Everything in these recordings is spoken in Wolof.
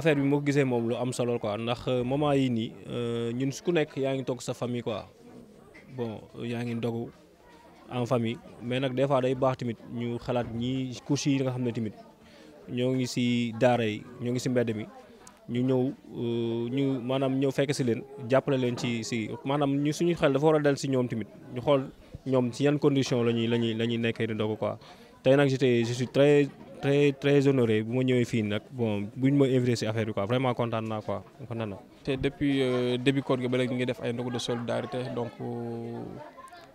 affaire bi moo ko gisee moom lu am solo quoi ndax euh, moment yi nii euh, ñun su ku nekk yaa ngi toog sa famille quoi bon euh, yaa ngi ndogu en famille mais nag des fois day baax tamit ñu xalaat ñii couche yi nga xam ne tamit ñoo ngi si daara yi ñoo ngi si mbedd mi ñu ñëw ñu maanaam ñëw fekk si leen jàppale leen ci si maanaam ñu suñu xel dafa war a dal si ñoom tamit ñu xool ñoom si yan condition la ñuy la ñuy la ñuy nekkee di ndogu quoi tey nag j'étais je très très honoré bu ma ñëwee fii nag bon buñ ma invité si affaire bi quoi vraiment content naa quoi content na. te depuis euh, début koor ba léegi ñu ngi def ay ndogu de solidarité donc euh,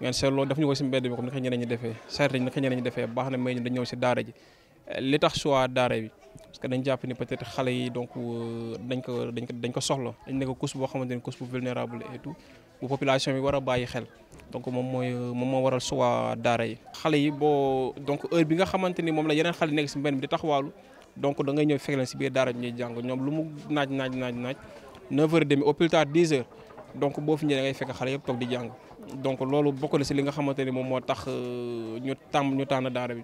ngeen seetloo def ñu ko si mbedd bi comme ni ko ñeneen ñi defee charité ni ko ñeneen ñi defee baax na mais ñun dañu ñëw si daara ji li tax choix daara bi. parce que dañ jàpp ni peut-être xale yi donc euh, dañ ko dañ ko dañ ko soxla dañ nekk couche boo xamante ni couche bu vulnérable et tout bu population bi war a bàyyi xel donc moom mooy moom moo waral suwa daara yi. xale yi boo donc heure bi nga xamante ni moom la yeneen xale nekk si mbenn bi di taxawaalu donc da ngay ñëw fekk leen si biir daara bi ñuy jàng ñoom lu mu naaj naaj naaj naaj 9h30 au plus tard donc boo fi ñëwee da ngay fekk xale yëpp toog di jàng donc loolu bokk na si li nga xamante ni moom moo tax euh, ñu tàmm ñu tànn daara bi.